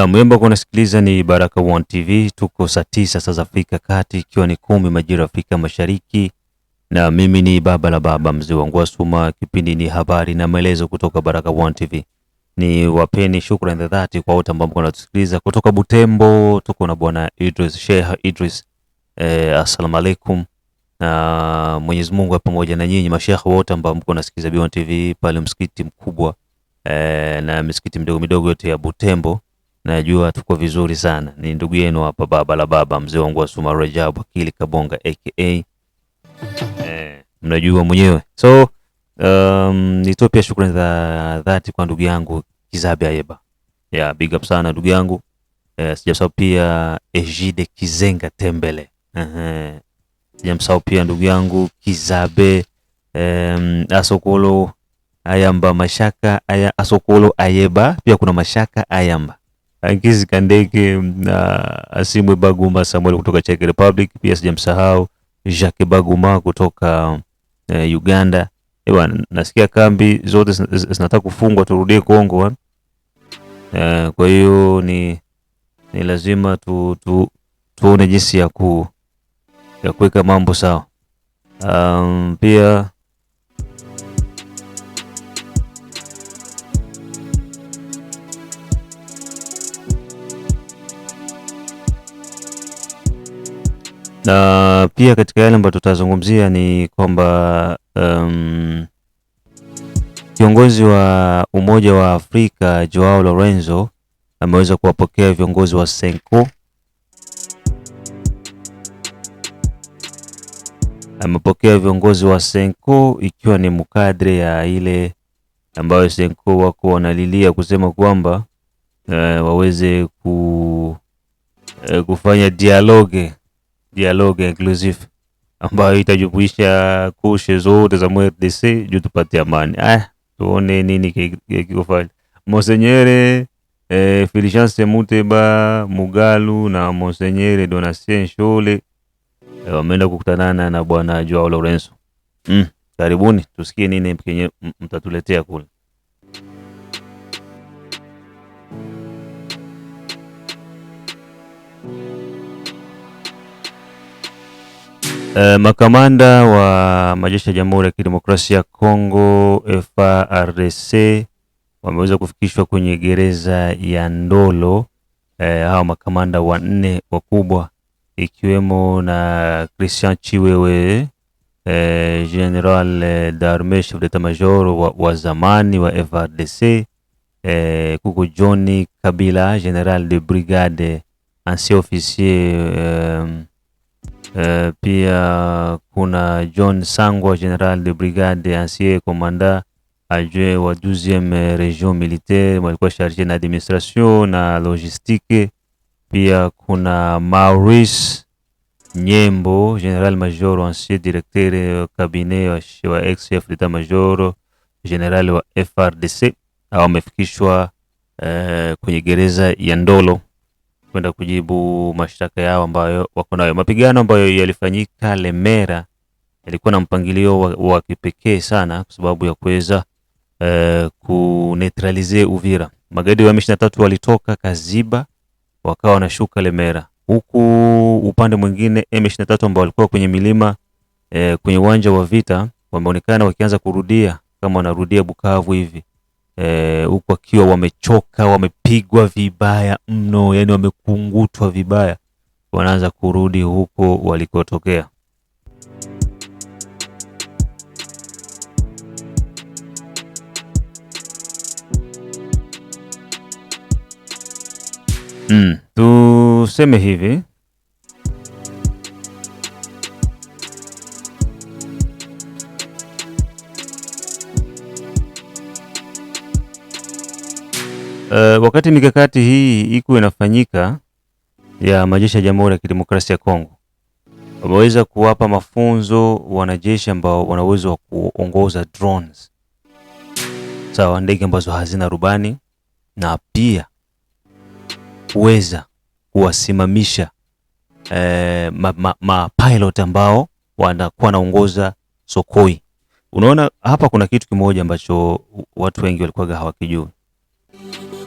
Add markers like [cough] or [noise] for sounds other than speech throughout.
Na mwembo kwa unasikiliza ni Baraka One TV, tuko saa tisa saa za Afrika Kati, ikiwa ni kumi majira Afrika Mashariki, na mimi ni baba la baba mzee wangu Asuma. Kipindi ni habari na maelezo kutoka Baraka One TV. Ni wapeni shukrani za dhati kwa wote ambao mnatusikiliza kutoka Butembo. Tuko na bwana Idris Sheikh Idris, eh, assalamu alaikum. Na Mwenyezi Mungu pamoja na nyinyi mashekhe wote ambao mko nasikiliza B1 TV pale msikiti mkubwa eh, na misikiti midogo midogo yote ya Butembo Najua tuko vizuri sana. Ni ndugu yenu hapa, baba la baba, mzee wangu wa Suma, Rajabu Akili Kabonga aka eh, mnajua mwenyewe. So um, nitoe pia shukrani za dhati kwa ndugu yangu Kizabe Ayeba. Yeah, big up sana ndugu yangu eh, sijasahau pia Ejide Kizenga Tembele eh, Sijamsahau pia ndugu yangu Kizabe um, Asokolo Ayamba Mashaka aya, Asokolo Ayeba pia kuna Mashaka Ayamba Ankisi Kandeke na Asimwe Baguma Samuel kutoka Czech Republic, pia sijamsahau Jacques Baguma kutoka uh, Uganda. Ewa, eh, nasikia kambi zote zinataka kufungwa turudie Kongo Uh, kwa hiyo ni, ni lazima tu, tu, tuone jinsi ya ku ya kuweka mambo sawa. Um, pia na pia katika yale ambayo tutazungumzia ni kwamba um, kiongozi wa Umoja wa Afrika Joao Lorenzo ameweza kuwapokea viongozi wa Senko, amepokea viongozi wa Senko ikiwa ni mkadre ya ile ambayo Senko wako wanalilia kusema kwamba uh, waweze ku, uh, kufanya dialogue dialogue inclusive ambayo itajumuisha kushe zote za MRDC juu tupate amani. Aya, ah, tuone nini kikofanya Monsenyere eh, Feliciance Muteba Mugalu na Monsenyere Donatien Shole eh, wameenda kukutanana na bwana Joao Lorenzo. Mm, karibuni tusikie nini kenye mtatuletea kule. Eh, makamanda wa majeshi ya Jamhuri ya Kidemokrasia ya Kongo FARDC wameweza kufikishwa kwenye gereza ya Ndolo. E, hao makamanda wanne wakubwa ikiwemo na Christian Chiwewe e, General darme chef d'etat-major wa, wa zamani wa FARDC e, kuko Johnny Kabila General de Brigade ancien officier e, Eh, pia kuna John Sangwa general de brigade ancien commandant adjoint wa 12e region militaire, walikuwa chargé na administration na logistique. Pia kuna Maurice Nyembo general major ancien directeur eh, cabinet wa ex chef d'état major general wa FRDC amefikishwa uh, eh, kwenye gereza ya Ndolo kwenda kujibu mashtaka yao ambayo wako nayo. Mapigano ambayo yalifanyika Lemera yalikuwa na mpangilio wa, wa kipekee sana kwa sababu ya kuweza uh, eh, kunetralize Uvira. Magaidi wa M23 walitoka Kaziba wakawa wanashuka Lemera, huku upande mwingine M23 ambao walikuwa kwenye milima uh, kwenye uwanja wa vita wameonekana wakianza kurudia kama wanarudia Bukavu hivi Eh, huku e, akiwa wamechoka, wamepigwa vibaya mno, yani wamekungutwa vibaya, wanaanza kurudi huko walikotokea. Mm. Tuseme hivi Eh, wakati mikakati hii iko inafanyika ya majeshi ya Jamhuri ya Kidemokrasia ya Kongo, wameweza kuwapa mafunzo wanajeshi ambao wana uwezo wa kuongoza drones, sawa, ndege ambazo hazina rubani, na pia kuweza kuwasimamisha eh, mapilot ma, ma ambao wanakuwa wanaongoza sokoi. Unaona hapa kuna kitu kimoja ambacho watu wengi walikuwa hawakijui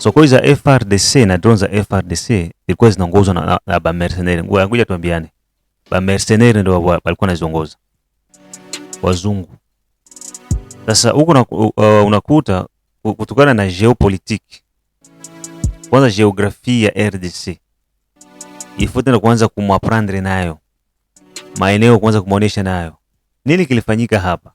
sokoi za FRDC na drone za FRDC zilikuwa zinaongozwa na, na na ba mercenary. Ngoja ngoja tuambiane, ba mercenary ndio walikuwa wanaziongoza wazungu. Sasa huko uh, unakuta kutokana na geopolitiki kwanza, geografia ya RDC ifute na kuanza kumwaprandre nayo maeneo, kuanza kumuonesha nayo nini kilifanyika hapa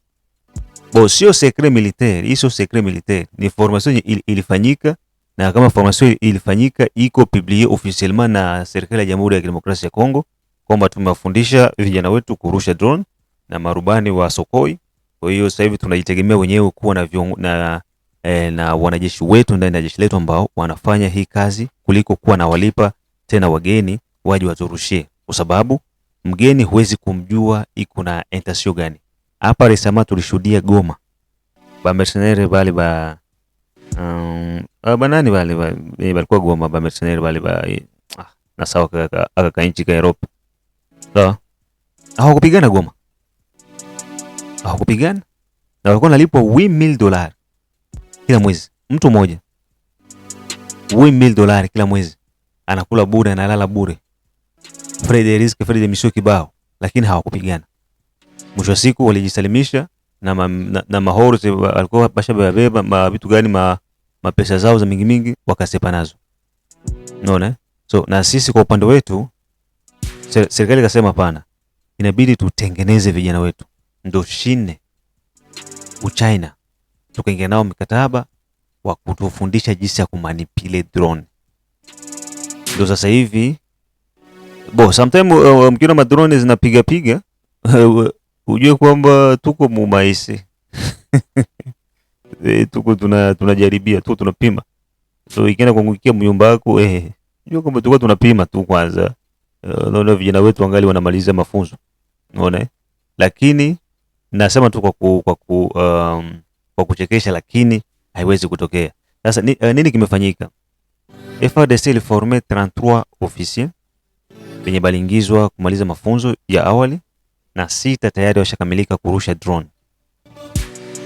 bo, sio secret militaire, hiyo secret militaire ni formation ilifanyika na kama formation ilifanyika iko publie officiellement na serikali ya Jamhuri ya Kidemokrasia ya Kongo kwamba tumewafundisha vijana wetu kurusha drone na marubani wa Sokoi. Kwa hiyo sasa hivi tunajitegemea wenyewe kuwa na, na, e, na wanajeshi wetu ndani ya jeshi letu ambao wanafanya hii kazi kuliko kuwa na walipa tena wageni waje waturushie, kwa sababu mgeni huwezi kumjua iko na intention gani. Hapa resama tulishuhudia Goma ba mercenaires bali ba Um, uh, banani vale eh, valikuwa Goma bamisioneri vale eh, ah, nasau aka ka Europe sawa, hawakupigana Goma, kupigana na walikuwa nalipwa 8000 dollars kila mwezi, mtu mmoja 8000 dollars kila mwezi, anakula bure, analala bure, Frederick Fred Misho kibao, lakini hawakupigana. Mwisho wa siku walijisalimisha na, ma, na, na mahorze walikuwa basha beba ma vitu gani ma, mapesa zao za mingi mingi wakasepa nazo, unaona. Eh? So na sisi kwa upande wetu serikali ikasema hapana, inabidi tutengeneze vijana wetu, ndo shine Uchina tukaingia nao mikataba wa kutufundisha jinsi ya kumanipile drone, ndo sasa hivi bo sometime uh, mkiona madrone zinapiga piga [laughs] eh, ujue kwamba tuko mumaisi [laughs] e, tuko tunajaribia tuna tu tunapima so ikienda kuangukia mnyumba yako eh, jua kwamba tuko tunapima tu kwanza. Eh, unaona uh, vijana wetu angali wanamaliza mafunzo, unaona, eh? lakini nasema tu kwa ku, kwa, ku, um, kwa kuchekesha, lakini haiwezi kutokea. Sasa ni, uh, nini kimefanyika? FARDC iliforme 33 officiers wenye balingizwa kumaliza mafunzo ya awali na sita tayari washakamilika kurusha drone.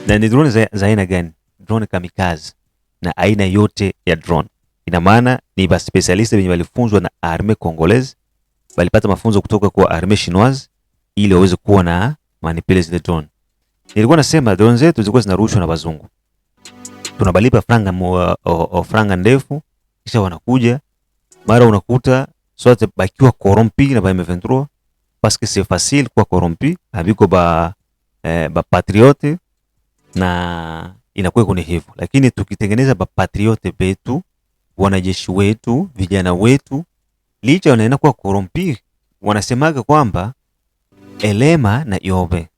Na ni drone za, aina gani? Drone kamikaze na aina yote ya drone. Ina maana ni ba specialist wenye walifunzwa na arme Congolese, walipata mafunzo kutoka kwa arme Chinoise ili waweze kuwa na manipulate the drone. Nilikuwa nasema drone zetu zilikuwa zinarushwa na wazungu. Tunabalipa franga mwa, o, o, franga ndefu kisha wanakuja mara unakuta sote bakiwa korompi na ba M23 parce que c'est facile kuwa corrompu abiko ba, eh, patriote na inakuwa kone hivyo, lakini tukitengeneza ba patriote betu, wanajeshi wetu, vijana wetu, licha wanaenda kuwa corrompu, wanasemaga kwamba elema na yobe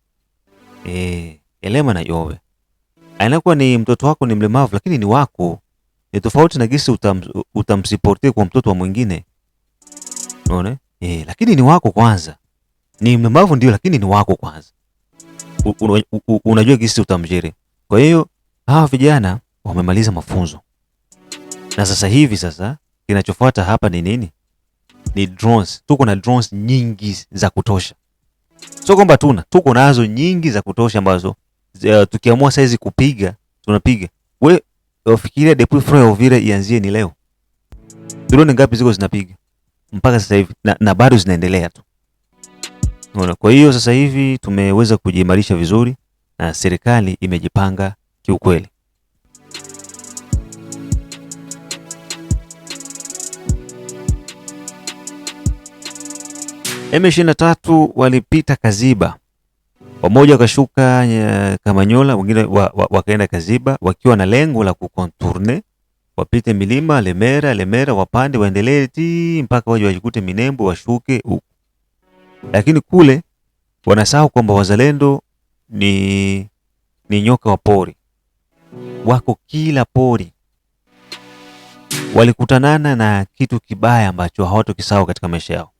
e, elema na yobe anakuwa ni mtoto wako ni mlemavu lakini ni wako, ni tofauti na gisi utam, kwa mtoto wa mwingine unaona eh, lakini ni wako kwanza ni mlemavu ndio, lakini ni wako kwanza, unajua kisi utamjiri. Kwa hiyo hawa vijana wamemaliza mafunzo na sasa hivi, sasa kinachofuata hapa ni nini? Ni drones. Tuko na drones nyingi za kutosha, sio kwamba tuna, tuko nazo nyingi za kutosha ambazo uh, tukiamua saizi kupiga tunapiga. We ufikiria depuis ya Vile ianzie ni leo, drone ngapi ziko zinapiga mpaka sasa hivi na, na bado zinaendelea tu. Unaona, kwa hiyo sasa hivi tumeweza kujiimarisha vizuri na serikali imejipanga kiukweli. M23 walipita Kaziba, wamoja wakashuka eh, Kamanyola, wengine wakaenda wa, wa Kaziba wakiwa na lengo la kukontourne wapite milima Lemera, Lemera wapande waendelee ti mpaka waje wajikute minembo washuke huko lakini kule wanasahau kwamba wazalendo ni, ni nyoka wa pori, wako kila pori. Walikutanana na kitu kibaya ambacho hawatokisahau katika maisha yao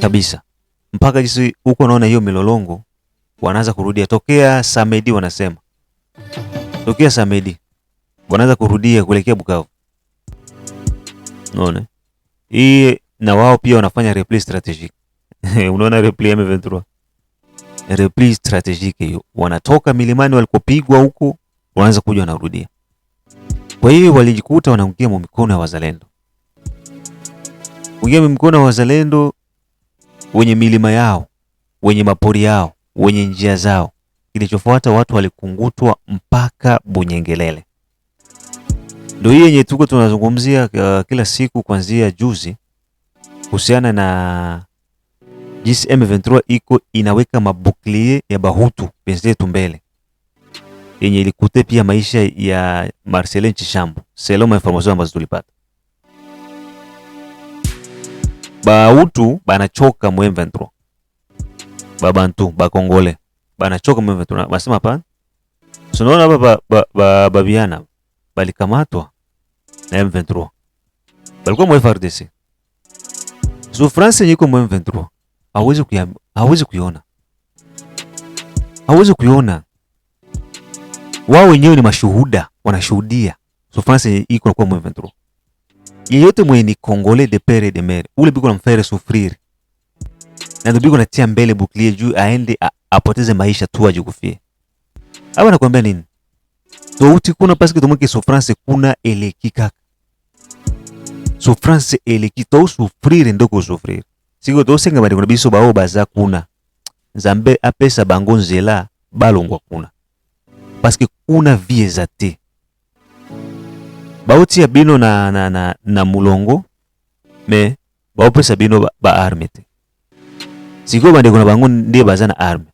kabisa, mpaka jinsi huko naona hiyo milolongo wanaanza kurudia tokea Samedi, wanasema tokea Samedi wanaanza kurudia kuelekea Bukavu. Unaona hii na wao pia wanafanya repli strategic [laughs] unaona repli M23 repli strategic hiyo, wanatoka milimani walikopigwa huko, wanaanza kuja wanarudia. Kwa hiyo walijikuta wanaingia mikono ya wazalendo, ingia mikono ya wazalendo wenye milima yao, wenye mapori yao, wenye njia zao. Kilichofuata watu walikungutwa mpaka Bunyengelele. Ndio hii yenye tuko tunazungumzia uh, kila siku kuanzia juzi kuhusiana na jinsi M23 iko inaweka mabuklie ya bahutu penzetu mbele yenye ilikute pia maisha ya Marcelin Chishambo seloma information ambazo tulipata. Bahutu banachoka mu M23, babantu bakongole banachoka mu M23, basema hapa tunaona ba, babiana ba, ba, balikamatwa na M23 balikuwa mu FARDC Souffrance yenye iko mu M23 hawezi kuya, hawezi kuiona, hawezi kuiona. Wao wenyewe ni mashuhuda, wanashuhudia souffrance yenye iko kwa mu M23. Yeyote mwenye ni Congolais de pere de mère, ule biko namfere souffrir na ndio biko natia mbele bouclier juu aende apoteze maisha tu ajikufie. Hapa nakwambia nini? Touti kuna parce que tomwe souffrance kuna elekikaka souffrance ele kitosufrire nde kusufrire sikoyo tosenga bandeko na biso baoyo oh, baza kuna nzambe apesa bango nzela balongwa kuna paske kuna vie eza te baotia bino na, na, na, na mulongo me baopesa bino baarme ba te sikoyo bandeko na bango nde baza na arme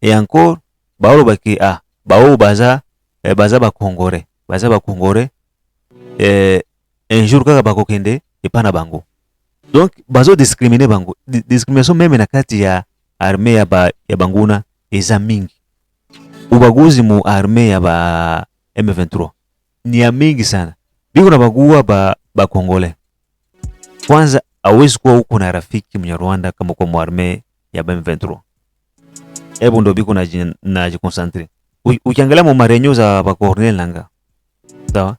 e encore baolobake ah, baoyo oh, baza eh, baza bakongore baza bakongore eh, un jour kaka bakokende na bango donc bazo discriminer bango discrimination meme na kati ya armée ya, ba, ya banguna eza mingi ubaguzi mu armée ya ba M23 ni ya mingi sana biko na bagua ba, ba Kongole. Kwanza awezi kuwa huko na rafiki Rwanda kama kwa muarme ya ba M23. Hebu ndo biko na na jikonsentre ukiangalia mu marenyo za ba Cornel Nanga sawa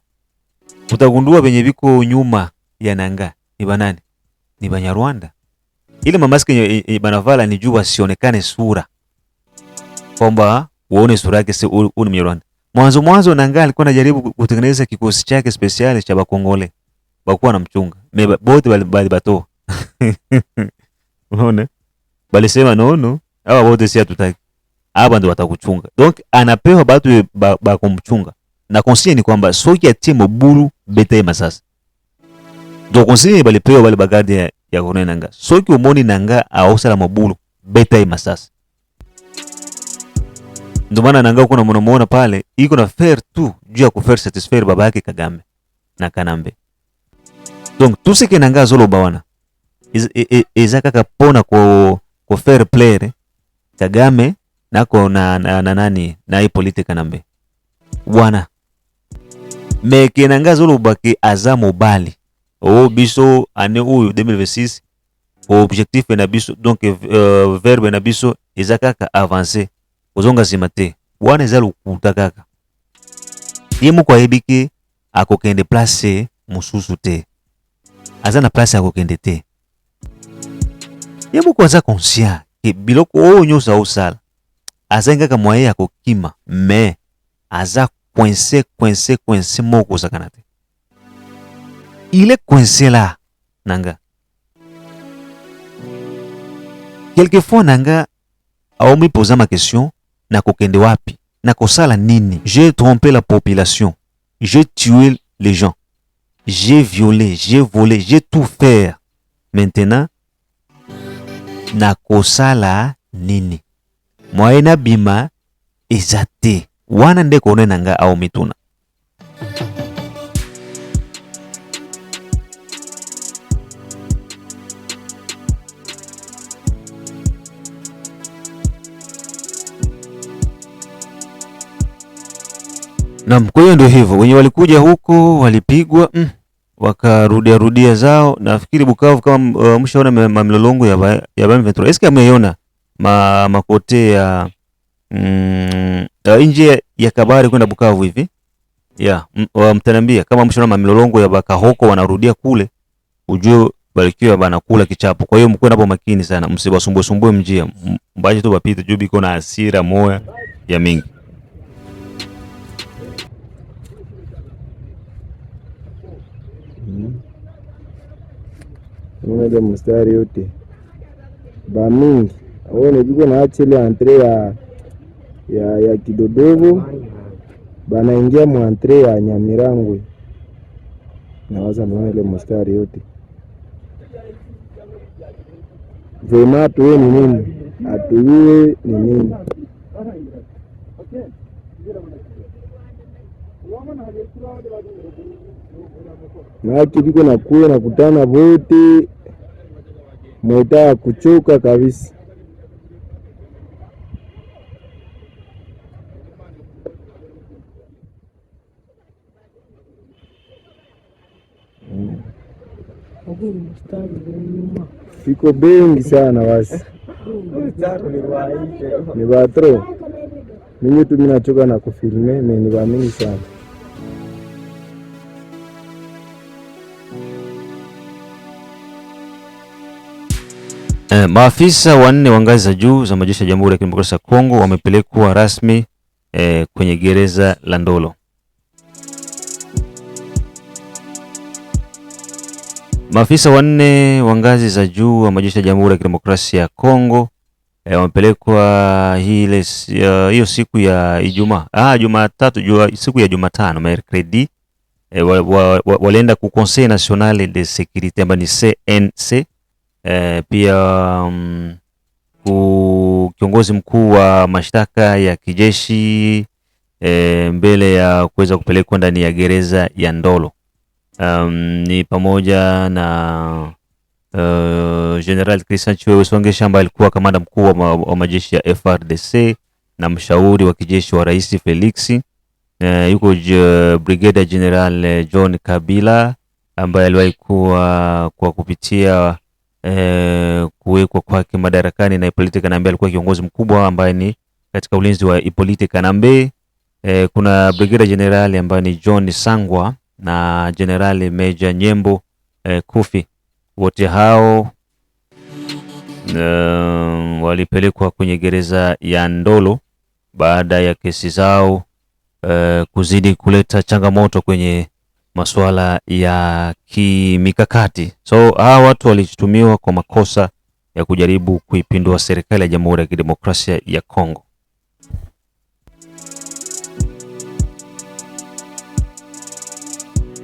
utagundua venye viko nyuma ya nanga ni banani, ni Banyarwanda. Ile mamaski e, e, banavala ni juu wasionekane sura, kwamba uone sura yake si uni Mnyarwanda. Mwanzo mwanzo nanga alikuwa anajaribu kutengeneza kikosi chake speciali cha bakongole bakuwa na mchunga me bote bali bali bato [laughs] unaona, bali sema no no hawa bote si atutaki hapa ndo watakuchunga. Donc anapewa batu ba, ba kumchunga na conseil ni kwamba soki atie mobulu betayeba masasa do conseil ni balipewa bale bagarde ya, ya korne nanga soki omoni nanga aosala mobulu betayeba masasa ndo maana nanga kuna mnamuona pale iko na fair tu juu ya ku fair satisfaire baba yake Kagame na Kanambe donc tout ce que nanga zolo bawana eza kaka pona ko ko fair play Kagame nako na, na, na nani na hii politika Kanambe wana me eke na ngai azoloba ke aza mobali oyo biso ane oyo 2026 objectif na biso donc euh, verbe na biso eza kaka avance kozonga nsima te wana eza lokuta kaka ye moko ayebi ke akokende place mosusu te aza na place akokende te ye moko aza conscient ke biloko oyo nyonso aosala azangi kaka moyen ya kokima me aza coincé, coincé, coincé moko il est coincé là Nanga. quelquefois Nanga a nako posa na nakokende wapi nakosala nini j'ai trompé la population j'ai tué les gens j'ai violé j'ai volé j'ai tout fait maintenant nakosala nini Moi n'a bima, te wana wanande nga au mituna Naam, kwa hiyo ndio hivyo, wenye walikuja huko walipigwa mm, wakarudia rudia zao. Nafikiri Bukavu kama uh, mshaona mamlolongo ya ba, ya Bamventro eske ameiona ma, makote ya mm, uh, nje ya Kabare kwenda Bukavu hivi yeah, mtanambia kama mshona milolongo ya Bakahoko wanarudia kule, ujue barikiwa bana kula kichapo. Kwa hiyo mkuwe napo makini sana, msibasumbue sumbue mjia, mbaje tu bapite juu biko na hasira moya ya mingi. moja mm-hmm. mstari yote bamingi aone unajua na ile antre ya ya, ya Kidodovo banaingia mwantre ya Nyamirangwe, nawaza naona ile mustari yote vema, atuwe ni nini, atuyue ni nini maki viko nakuwe nakutana vote mweta ya kuchoka kabisa. iko bengi sana basi ni batro minyi tu minachoka na kufilme me ni sana Eh, maafisa wanne wa ngazi za juu za majeshi ya Jamhuri ya Kidemokrasia ya Kongo wamepelekwa rasmi eh, kwenye gereza la Ndolo. Maafisa wanne wa ngazi za juu wa majeshi ya Jamhuri ya Kidemokrasia ya Kongo e, wamepelekwa eh, hiyo siku ya Ijumaa ah, Jumatatu jua, siku ya Jumatano mercredi e, eh, walienda wa, wa, wa ku Conseil National de Securite ambayo ni CNC e, pia um, ku kiongozi mkuu wa mashtaka ya kijeshi e, mbele ya kuweza kupelekwa ndani ya gereza ya Ndolo um, ni pamoja na uh, General Christian Chiwewe Songesha ambaye alikuwa kamanda mkuu wa, ma, wa majeshi ya FRDC na mshauri wa kijeshi wa Rais Felix. Uh, yuko Brigadier General eh, John Kabila ambaye aliwahi kuwa kwa kupitia eh, kuwekwa kwake madarakani na Hippolyte Kanambe alikuwa kiongozi mkubwa ambaye ni katika ulinzi wa Hippolyte Kanambe. Eh, kuna Brigadier General ambaye ni John Sangwa na Jenerali Meja Nyembo eh, Kufi. Wote hao um, walipelekwa kwenye gereza ya Ndolo baada ya kesi zao eh, kuzidi kuleta changamoto kwenye masuala ya kimikakati. So hawa watu walishutumiwa kwa makosa ya kujaribu kuipindua serikali ya Jamhuri ya Kidemokrasia ya Kongo.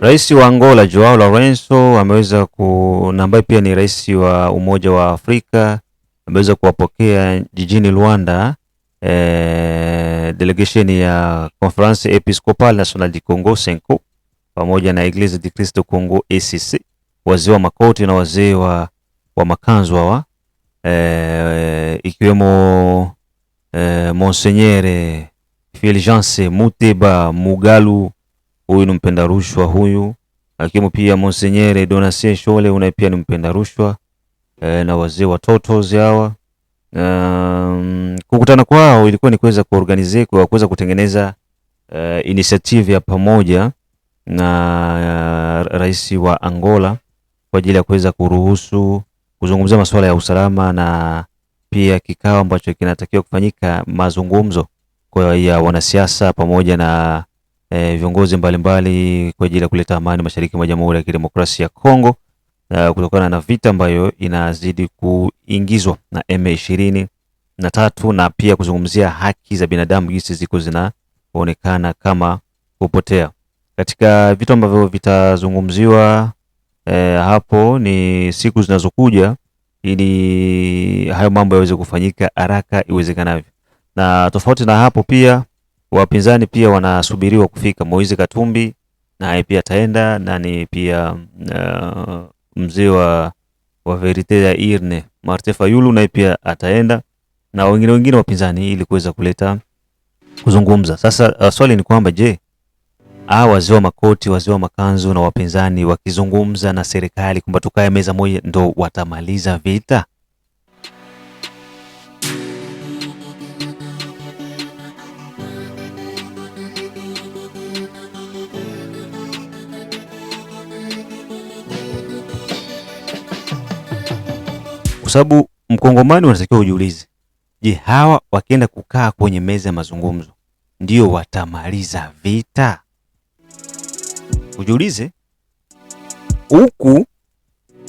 Rais wa Angola Joao Lorenzo ameweza ku na ambaye pia ni rais wa Umoja wa Afrika ameweza kuwapokea jijini Luanda e, delegation ya Conference episcopal national du Congo CENCO pamoja na Eglise de cristo Congo ECC, wazee wa makoti na wazee wa, wa makanzwa wa e, eh, ikiwemo e, Monseigneur Fulgence Muteba Mugalu huyu ni mpenda rushwa huyu, lakini pia Monsenyere Donatien Shole unaye pia ni mpenda rushwa e, na wazee watoto totos hawa um, kukutana kwao ilikuwa ni kuweza kuorganize kwa kuweza kutengeneza uh, initiative ya pamoja na uh, rais wa Angola kwa ajili ya kuweza kuruhusu kuzungumzia masuala ya usalama na pia kikao ambacho kinatakiwa kufanyika mazungumzo kwa ya wanasiasa pamoja na e, viongozi mbalimbali kwa ajili ya kuleta amani mashariki mwa Jamhuri ya Kidemokrasia ya Kongo e, kutokana na vita ambayo inazidi kuingizwa na M23 na pia kuzungumzia haki za binadamu jinsi ziko zinaonekana kama kupotea. Katika vitu ambavyo vitazungumziwa e, hapo ni siku zinazokuja ili hayo mambo yaweze kufanyika haraka iwezekanavyo, na tofauti na hapo pia Wapinzani pia wanasubiriwa kufika, Moizi Katumbi naye pia ataenda nani pia uh, mzee wa wa Verite ya Irne Martin Fayulu naye pia ataenda na wengine wengine wapinzani ili kuweza kuleta kuzungumza. Sasa uh, swali ni kwamba je, ah, wazee wa makoti, wazee wa makanzu na wapinzani wakizungumza na serikali kwamba tukae meza moja ndo watamaliza vita? Kwa sababu mkongomani unatakiwa ujiulize, je, hawa wakienda kukaa kwenye meza ya mazungumzo ndio watamaliza vita? Ujiulize, huku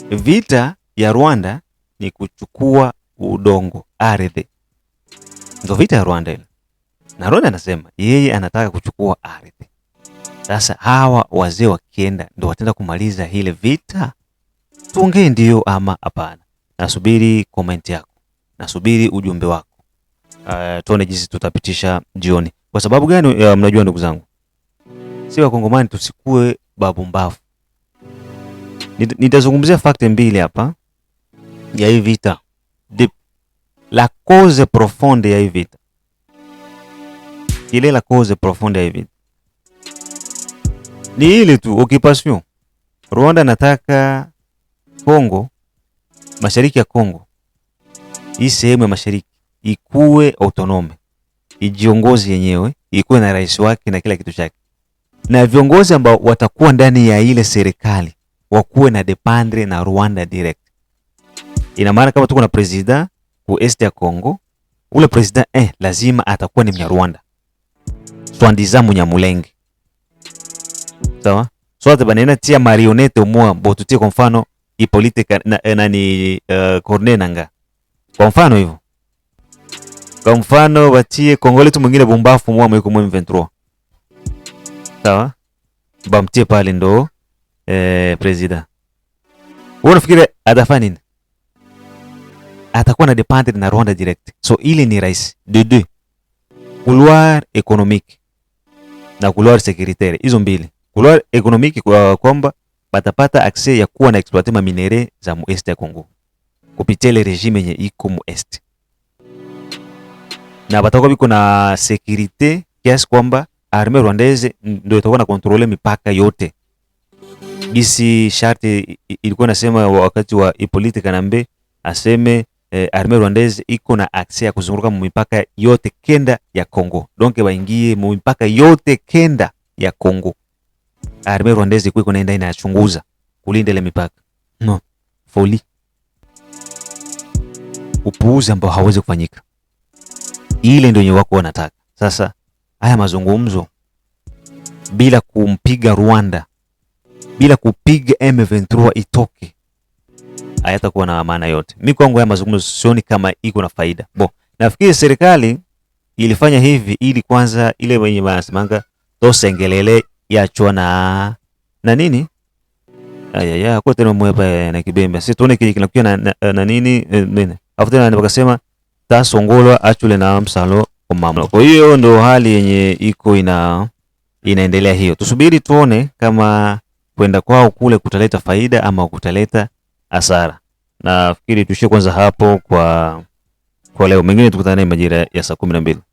vita ya Rwanda ni kuchukua udongo, ardhi, ndio vita ya Rwanda ile. Na Rwanda anasema yeye anataka kuchukua ardhi. Sasa hawa wazee wakienda ndio wataenda kumaliza ile vita? Tuongee ndio ama hapana? Nasubiri comment yako, nasubiri ujumbe wako. Uh, tuone jinsi tutapitisha jioni. Kwa sababu gani? Uh, mnajua ndugu zangu, si Wakongomani tusikue babu mbavu Nitazungumzia fakte mbili hapa ya hii vita deep, la cause profonde ya hii vita ile la cause profonde ya hii vita ni ile tu occupation. Rwanda nataka Kongo mashariki ya Kongo, hii sehemu ya mashariki ikuwe autonome, ijiongozi yenyewe, ikuwe na rais wake na kila kitu chake, na viongozi ambao watakuwa ndani ya ile serikali wakuwe na dependre na Rwanda direct. Ina maana kama tuko na president ku est ya Kongo, ule president eh, lazima atakuwa ni Mnyarwanda twandiza Munyamulenge, sawa So, sote banena tia marionete umwa botutie, kwa mfano politika na, eh, nani uh, eh, Corne Nanga kwa mfano hivyo, kwa mfano watie kongole tu mwingine bumbafu mwa mwiko mwa M23 sawa, bamtie pale ndo eh, president. Wewe unafikiri atafanya nini? Atakuwa na dependent na Rwanda direct, so ile ni rais de deux couloir économique na couloir sécuritaire, hizo mbili. Couloir économique kwa kwamba batapata akse ya kuwa na exploite ma minere za mueste ya Kongo kupitia le regime yenye iko mueste, na batakuwa biko na securite kiasi kwamba arme rwandaise ndio itakuwa na kontrole mipaka yote gisi sharti ilikuwa nasema wakati wa Hippolyte Kanambe aseme eh, arme rwandaise iko na akse ya kuzunguruka mipaka yote kenda ya Kongo, donke baingie mipaka yote kenda ya Kongo. Ah, arme rwandaise kuiko naenda inayachunguza kulinda ile mipaka no. Foli, upuuzi ambao hauwezi kufanyika. Ile ndio yenye wako wanataka sasa. Haya mazungumzo bila kumpiga Rwanda, bila kupiga M23 itoke, hayatakuwa na maana yote. Mimi kwangu haya mazungumzo sioni kama iko na faida bo. Nafikiri serikali ilifanya hivi ili kwanza ile wenye wanasemanga tosengelele yachwa na na nini aya ya kwa tena mwepa na kibembe sisi tuone kile kinakuja na, na, na nini eh, nini afu tena wakasema tasongolwa achule na msalo omamlo. Kwa hiyo ndo hali yenye iko ina inaendelea hiyo. Tusubiri tuone kama kwenda kwao kule kutaleta faida ama kutaleta hasara. Nafikiri tuishie kwanza hapo kwa kwa leo, mengine tukutane majira ya saa kumi na mbili.